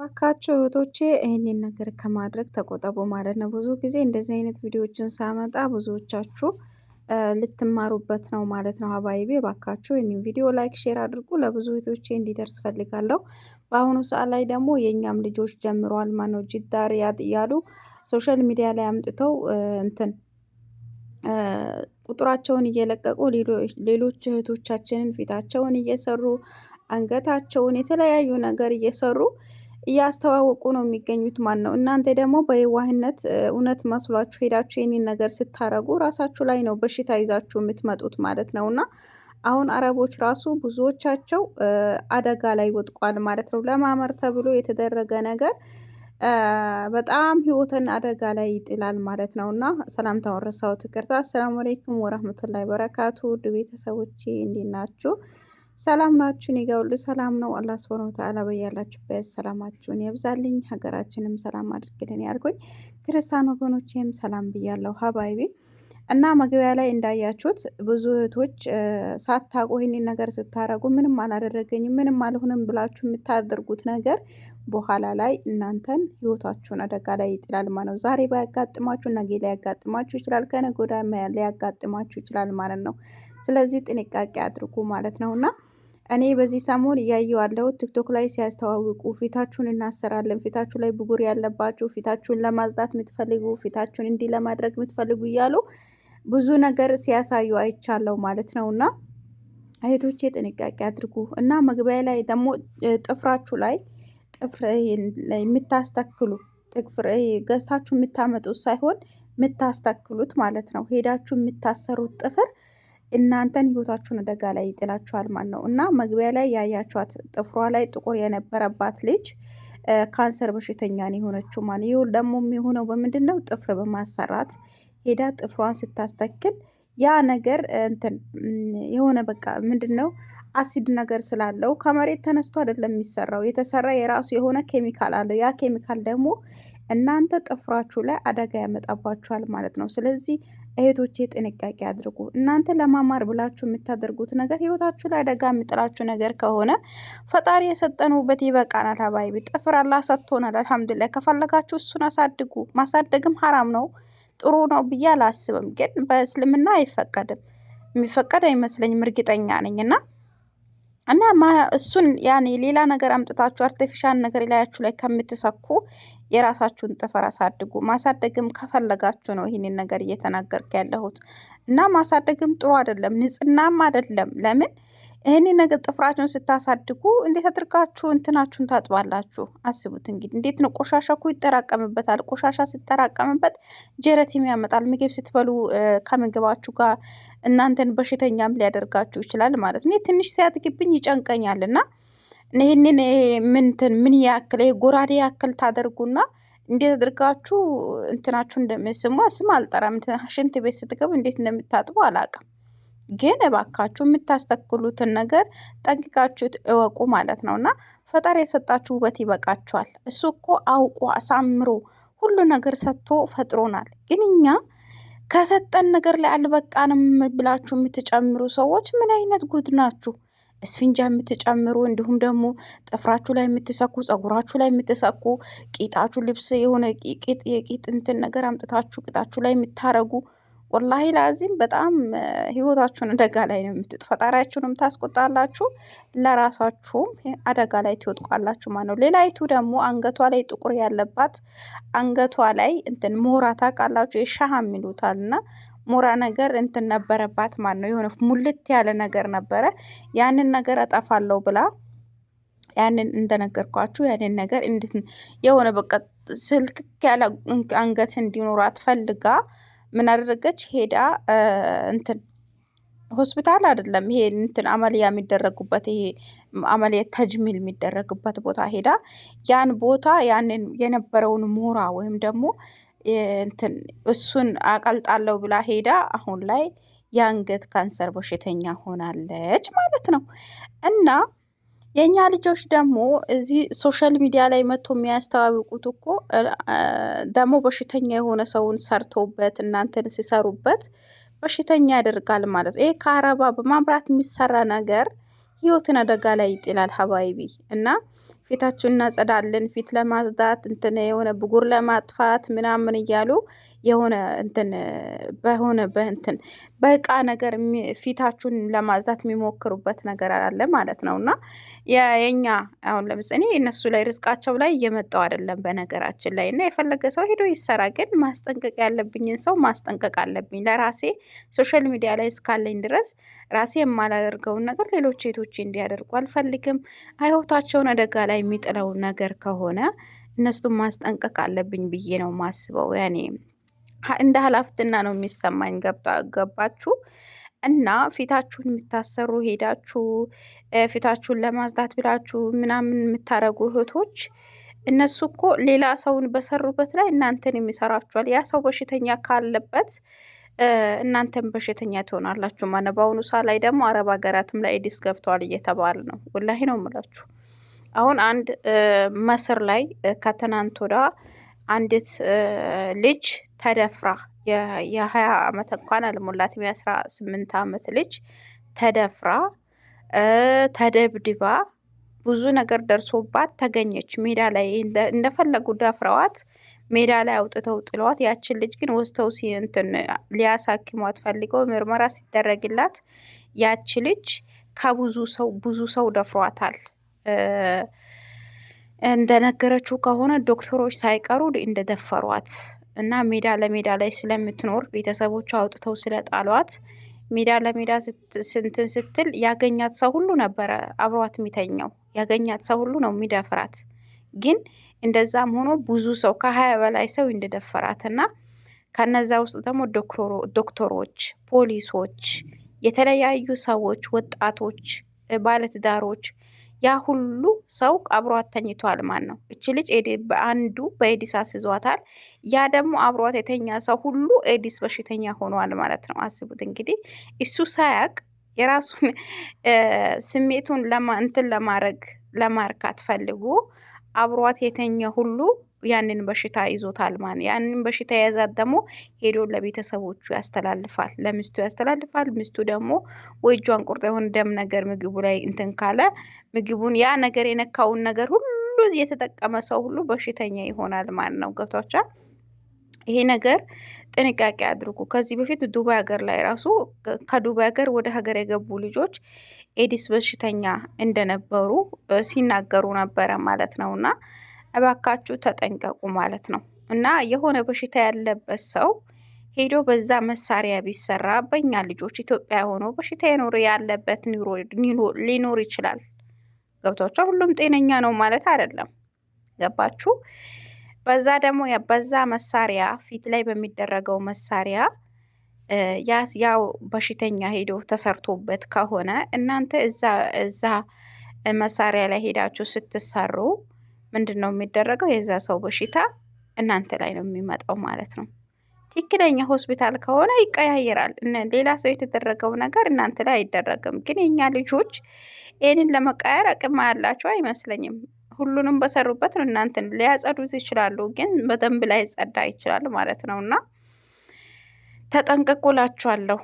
ባካቸው እህቶቼ ይህንን ነገር ከማድረግ ተቆጠቡ ማለት ነው። ብዙ ጊዜ እንደዚህ አይነት ቪዲዮዎችን ሳመጣ ብዙዎቻችሁ ልትማሩበት ነው ማለት ነው። ሀባይቤ እባካችሁ ይህንን ቪዲዮ ላይክ፣ ሼር አድርጉ ለብዙ እህቶቼ እንዲደርስ ፈልጋለሁ። በአሁኑ ሰዓት ላይ ደግሞ የእኛም ልጆች ጀምረዋል ማለት ነው። ጅዳ ሪያድ እያሉ ሶሻል ሚዲያ ላይ አምጥተው እንትን ቁጥራቸውን እየለቀቁ ሌሎች እህቶቻችንን ፊታቸውን እየሰሩ አንገታቸውን የተለያዩ ነገር እየሰሩ እያስተዋወቁ ነው የሚገኙት ማን ነው። እናንተ ደግሞ በየዋህነት እውነት መስሏችሁ ሄዳችሁ ይህንን ነገር ስታረጉ ራሳችሁ ላይ ነው በሽታ ይዛችሁ የምትመጡት ማለት ነው እና አሁን አረቦች ራሱ ብዙዎቻቸው አደጋ ላይ ወጥቋል ማለት ነው። ለማመር ተብሎ የተደረገ ነገር በጣም ህይወትን አደጋ ላይ ይጥላል ማለት ነው እና ሰላምታውን ረሳሁት፣ ይቅርታ። አሰላሙ አለይኩም ወረህመቱላሂ በረካቱ ውድ ቤተሰቦቼ እንዴት ናችሁ? ሰላም ናችሁን? እኔ ጋር ሁሉ ሰላም ነው። አላህ ሱብሐነሁ ወተዓላ በያላችሁበት ሰላማችሁን ያብዛልኝ፣ ሀገራችንም ሰላም አድርግልን ያልኩኝ ክርስቲያን ወገኖቼም ሰላም ብያለሁ። ሀባይቢ እና መግቢያ ላይ እንዳያችሁት ብዙ እህቶች ሳታውቁ ይህንን ነገር ስታረጉ ምንም አላደረገኝም ምንም አልሆንም ብላችሁ የምታደርጉት ነገር በኋላ ላይ እናንተን ህይወታችሁን አደጋ ላይ ይጥላል ማለት ነው። ዛሬ ባያጋጥማችሁ ነገ ሊያጋጥማችሁ ይችላል፣ ከነገ ወዲያ ሊያጋጥማችሁ ይችላል ማለት ነው። ስለዚህ ጥንቃቄ አድርጉ ማለት ነው እና እኔ በዚህ ሰሞን እያየሁ አለሁት ቲክቶክ ላይ ሲያስተዋውቁ ፊታችሁን እናሰራለን፣ ፊታችሁ ላይ ብጉር ያለባችሁ፣ ፊታችሁን ለማጽዳት የምትፈልጉ፣ ፊታችሁን እንዲህ ለማድረግ የምትፈልጉ እያሉ ብዙ ነገር ሲያሳዩ አይቻለሁ ማለት ነው። እና እህቶቼ ጥንቃቄ አድርጉ እና መግቢያ ላይ ደግሞ ጥፍራችሁ ላይ ጥፍር የምታስተክሉ ጥፍር ገዝታችሁ የምታመጡት ሳይሆን የምታስተክሉት ማለት ነው። ሄዳችሁ የምታሰሩት ጥፍር እናንተን ህይወታችሁን አደጋ ላይ ይጥላችኋል ማለት ነው። እና መግቢያ ላይ ያያችኋት ጥፍሯ ላይ ጥቁር የነበረባት ልጅ ካንሰር በሽተኛ ነው የሆነችው ማለት ይኸው ደግሞ የሚሆነው በምንድን ነው? ጥፍር በማሰራት ሄዳ ጥፍሯን ስታስተክል ያ ነገር እንትን የሆነ በቃ ምንድን ነው አሲድ ነገር ስላለው ከመሬት ተነስቶ አይደለም የሚሰራው። የተሰራ የራሱ የሆነ ኬሚካል አለው። ያ ኬሚካል ደግሞ እናንተ ጥፍራችሁ ላይ አደጋ ያመጣባችኋል ማለት ነው። ስለዚህ እህቶቼ ጥንቃቄ አድርጉ። እናንተ ለማማር ብላችሁ የምታደርጉት ነገር ህይወታችሁ ላይ አደጋ የሚጥላችሁ ነገር ከሆነ ፈጣሪ የሰጠን ውበት ይበቃናል። ሀባይቢ ጥፍር ሰጥቶናል። አልሐምዱሊላህ። ከፈለጋችሁ እሱን አሳድጉ። ማሳደግም ሀራም ነው ጥሩ ነው ብዬ አላስብም። ግን በእስልምና አይፈቀድም፣ የሚፈቀድ አይመስለኝም እርግጠኛ ነኝ እና እና እሱን ያኔ ሌላ ነገር አምጥታችሁ አርቲፊሻል ነገር ላያችሁ ላይ ከምትሰኩ የራሳችሁን ጥፍር አሳድጉ። ማሳደግም ከፈለጋችሁ ነው ይህንን ነገር እየተናገርክ ያለሁት እና ማሳደግም ጥሩ አይደለም፣ ንጽህናም አይደለም። ለምን ይህን ነገር ጥፍራችሁን ስታሳድጉ እንዴት አድርጋችሁ እንትናችሁን ታጥባላችሁ? አስቡት እንግዲህ እንዴት ነው? ቆሻሻ እኮ ይጠራቀምበታል። ቆሻሻ ሲጠራቀምበት ጀረቲም ያመጣል። ምግብ ስትበሉ ከምግባችሁ ጋር እናንተን በሽተኛም ሊያደርጋችሁ ይችላል ማለት ነው። ትንሽ ሲያድግብኝ ይጨንቀኛል እና ይህንን ምንትን ምን ያክል ይሄ ጎራዴ ያክል ታደርጉና እንዴት አድርጋችሁ እንትናችሁ እንደምስሙ ስም አልጠራም ሽንት ቤት ስትገቡ እንዴት እንደምታጥቡ አላውቅም። ግን እባካችሁ የምታስተክሉትን ነገር ጠንቅቃችሁ እወቁ ማለት ነው። እና ፈጣሪ የሰጣችሁ ውበት ይበቃችኋል። እሱ እኮ አውቆ አሳምሮ ሁሉ ነገር ሰጥቶ ፈጥሮናል። ግን እኛ ከሰጠን ነገር ላይ አልበቃንም ብላችሁ የምትጨምሩ ሰዎች ምን አይነት ጉድ ናችሁ? እስፊንጃ የምትጨምሩ እንዲሁም ደግሞ ጥፍራችሁ ላይ የምትሰኩ ጸጉራችሁ ላይ የምትሰኩ ቂጣችሁ ልብስ የሆነ ቂጥ የቂጥ እንትን ነገር አምጥታችሁ ቂጣችሁ ላይ የምታረጉ ወላሂ ላዚም በጣም ህይወታችሁን አደጋ ላይ ነው የምትጡ። ፈጣሪያችሁንም ታስቆጣላችሁ፣ ለራሳችሁም አደጋ ላይ ትወጥቋላችሁ ማለት ነው። ሌላይቱ ደግሞ አንገቷ ላይ ጥቁር ያለባት አንገቷ ላይ እንትን ሞራ ታውቃላችሁ፣ የሻሃ የሚሉታል እና ሞራ ነገር እንትን ነበረባት ማን ነው። የሆነ ሙልት ያለ ነገር ነበረ። ያንን ነገር አጠፋለሁ ብላ ያንን እንደነገርኳችሁ ያንን ነገር እንዴት የሆነ በቃ ስልክክ ያለ አንገት እንዲኖራት ፈልጋ ምን አደረገች? ሄዳ እንትን ሆስፒታል አይደለም ይሄ እንትን አመልያ የሚደረጉበት ይሄ አመልያ ተጅሚል የሚደረግበት ቦታ ሄዳ ያን ቦታ ያንን የነበረውን ሞራ ወይም ደግሞ እንትን እሱን አቀልጣለሁ ብላ ሄዳ አሁን ላይ የአንገት ካንሰር በሽተኛ ሆናለች ማለት ነው። እና የእኛ ልጆች ደግሞ እዚህ ሶሻል ሚዲያ ላይ መጥቶ የሚያስተዋውቁት እኮ ደግሞ በሽተኛ የሆነ ሰውን ሰርተውበት እናንተን ሲሰሩበት በሽተኛ ያደርጋል ማለት ነው። ይሄ ከአረባ በማምራት የሚሰራ ነገር ህይወትን አደጋ ላይ ይጥላል ሀባይቢ እና ፊታችሁን እናጸዳለን፣ ፊት ለማጽዳት እንትን የሆነ ብጉር ለማጥፋት ምናምን እያሉ የሆነ እንትን በሆነ በእንትን በእቃ ነገር ፊታችሁን ለማጽዳት የሚሞክሩበት ነገር አለ ማለት ነው። እና የኛ አሁን ለምሳሌ እነሱ ላይ ርዝቃቸው ላይ እየመጣው አይደለም በነገራችን ላይ እና የፈለገ ሰው ሄዶ ይሰራ፣ ግን ማስጠንቀቅ ያለብኝን ሰው ማስጠንቀቅ አለብኝ ለራሴ ሶሻል ሚዲያ ላይ እስካለኝ ድረስ ራሴ የማላደርገውን ነገር ሌሎች ሴቶች እንዲያደርጉ አልፈልግም። ህይወታቸውን አደጋ ላይ የሚጥለው ነገር ከሆነ እነሱን ማስጠንቀቅ አለብኝ ብዬ ነው ማስበው ያኔ እንደ ሀላፍትና ነው የሚሰማኝ። ገባችሁ? እና ፊታችሁን የምታሰሩ ሄዳችሁ ፊታችሁን ለማጽዳት ብላችሁ ምናምን የምታረጉ እህቶች እነሱ እኮ ሌላ ሰውን በሰሩበት ላይ እናንተን የሚሰራችኋል። ያ ሰው በሽተኛ ካለበት እናንተን በሽተኛ ትሆናላችሁ ማነ በአሁኑ ሰዓት ላይ ደግሞ አረብ ሀገራትም ላይ ኤዲስ ገብተዋል እየተባለ ነው። ወላሂ ነው የምላችሁ። አሁን አንድ መስር ላይ ከትናንት ወዲያ አንዲት ልጅ ተደፍራ የሀያ አመት እንኳን አልሞላትም የአስራ ስምንት አመት ልጅ ተደፍራ ተደብድባ ብዙ ነገር ደርሶባት ተገኘች። ሜዳ ላይ እንደፈለጉ ደፍረዋት ሜዳ ላይ አውጥተው ጥለዋት፣ ያችን ልጅ ግን ወስተው ሲንትን ሊያሳክሟት ፈልገው ምርመራ ሲደረግላት ያች ልጅ ከብዙ ሰው ብዙ ሰው ደፍሯታል። እንደነገረችው ከሆነ ዶክተሮች ሳይቀሩ እንደደፈሯት እና ሜዳ ለሜዳ ላይ ስለምትኖር ቤተሰቦቿ አውጥተው ስለጣሏት ሜዳ ለሜዳ ስንትን ስትል ያገኛት ሰው ሁሉ ነበረ አብሯት የሚተኘው ያገኛት ሰው ሁሉ ነው የሚደፍራት። ግን እንደዛም ሆኖ ብዙ ሰው ከሀያ በላይ ሰው እንደደፈራት እና ከነዛ ውስጥ ደግሞ ዶክተሮች፣ ፖሊሶች፣ የተለያዩ ሰዎች፣ ወጣቶች፣ ባለትዳሮች ያ ሁሉ ሰው አብሯት ተኝቷል ማለት ነው። እች ልጅ በአንዱ በኤዲስ አስይዟታል። ያ ደግሞ አብሯት የተኛ ሰው ሁሉ ኤዲስ በሽተኛ ሆኗል ማለት ነው። አስቡት እንግዲህ እሱ ሳያቅ የራሱን ስሜቱን እንትን ለማድረግ ለማርካት ፈልጎ አብሯት የተኛ ሁሉ ያንን በሽታ ይዞታል ማለት ያንን በሽታ የያዛት ደግሞ ሄዶ ለቤተሰቦቹ ያስተላልፋል፣ ለሚስቱ ያስተላልፋል። ሚስቱ ደግሞ ወይ እጇን ቁርጥ የሆነ ደም ነገር ምግቡ ላይ እንትን ካለ ምግቡን ያ ነገር የነካውን ነገር ሁሉ የተጠቀመ ሰው ሁሉ በሽተኛ ይሆናል ማለት ነው። ገብቷችኋል? ይሄ ነገር ጥንቃቄ አድርጉ። ከዚህ በፊት ዱባይ ሀገር ላይ ራሱ ከዱባይ ሀገር ወደ ሀገር የገቡ ልጆች ኤዲስ በሽተኛ እንደነበሩ ሲናገሩ ነበረ ማለት ነው እና እባካችሁ ተጠንቀቁ ማለት ነው። እና የሆነ በሽታ ያለበት ሰው ሄዶ በዛ መሳሪያ ቢሰራ በእኛ ልጆች ኢትዮጵያ ሆኖ በሽታ የኖር ያለበት ሊኖር ይችላል። ገብቷቸው ሁሉም ጤነኛ ነው ማለት አይደለም። ገባችሁ? በዛ ደግሞ በዛ መሳሪያ ፊት ላይ በሚደረገው መሳሪያ ያው በሽተኛ ሄዶ ተሰርቶበት ከሆነ እናንተ እዛ መሳሪያ ላይ ሄዳችሁ ስትሰሩ ምንድን ነው የሚደረገው? የዛ ሰው በሽታ እናንተ ላይ ነው የሚመጣው ማለት ነው። ትክክለኛ ሆስፒታል ከሆነ ይቀያየራል። ሌላ ሰው የተደረገው ነገር እናንተ ላይ አይደረግም። ግን የኛ ልጆች ይህንን ለመቀየር አቅም ያላቸው አይመስለኝም። ሁሉንም በሰሩበት ነው። እናንተን ሊያጸዱት ይችላሉ፣ ግን በደንብ ላይ ጸዳ ይችላል ማለት ነው። እና ተጠንቀቁላችኋለሁ።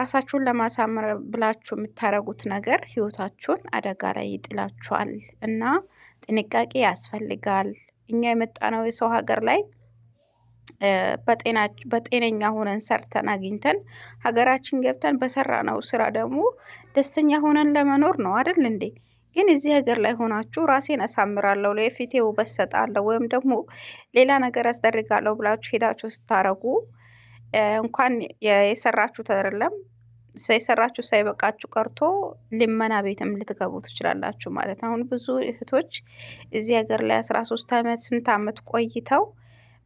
ራሳችሁን ለማሳመር ብላችሁ የምታደርጉት ነገር ህይወታችሁን አደጋ ላይ ይጥላችኋል እና ጥንቃቄ ያስፈልጋል። እኛ የመጣነው የሰው ሀገር ላይ በጤነኛ ሆነን ሰርተን አግኝተን ሀገራችን ገብተን በሰራነው ስራ ደግሞ ደስተኛ ሆነን ለመኖር ነው አይደል እንዴ? ግን እዚህ ሀገር ላይ ሆናችሁ ራሴን አሳምራለሁ፣ ለፊቴ ውበት ሰጣለሁ፣ ወይም ደግሞ ሌላ ነገር አስደርጋለሁ ብላችሁ ሄዳችሁ ስታረጉ እንኳን የሰራችሁት አይደለም ሳይሰራችሁ ሳይበቃችሁ ቀርቶ ልመና ቤትም ልትገቡ ትችላላችሁ ማለት ነው። አሁን ብዙ እህቶች እዚህ ሀገር ላይ አስራ ሶስት አመት ስንት አመት ቆይተው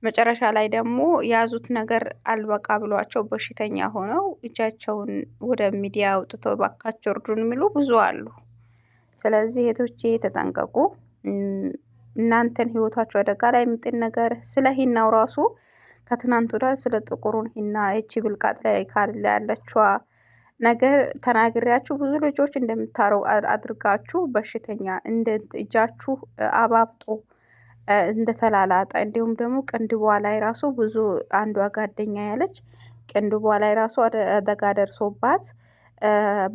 መጨረሻ ላይ ደግሞ የያዙት ነገር አልበቃ ብሏቸው በሽተኛ ሆነው እጃቸውን ወደ ሚዲያ አውጥቶ ባካቸው እርዱን የሚሉ ብዙ አሉ። ስለዚህ እህቶቼ ተጠንቀቁ። እናንተን ህይወታችሁ አደጋ ላይ የሚጥል ነገር ስለ ሂናው ራሱ ከትናንት ወዲያ ስለ ጥቁሩን ሂና ይቺ ብልቃጥ ላይ ካል ያለችዋ ነገር ተናግሬያችሁ ብዙ ልጆች እንደምታረው አድርጋችሁ በሽተኛ እንደ እጃችሁ አባብጦ እንደተላላጠ እንዲሁም ደግሞ ቅንድቧ ላይ ራሱ ብዙ አንዷ ጓደኛ ያለች ቅንድቧ ላይ ራሱ አደጋ ደርሶባት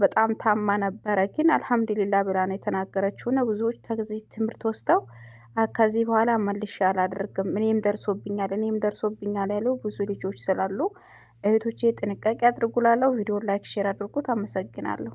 በጣም ታማ ነበረ። ግን አልሐምዱሊላ ብላ ነው የተናገረችው። ብዙዎች ከዚህ ትምህርት ወስደው ከዚህ በኋላ መልሼ አላደርግም፣ እኔም ደርሶብኛል፣ እኔም ደርሶብኛል ያለው ብዙ ልጆች ስላሉ እህቶቼ ጥንቃቄ አድርጉላለሁ። ቪዲዮ ላይክ፣ ሼር አድርጉት። አመሰግናለሁ።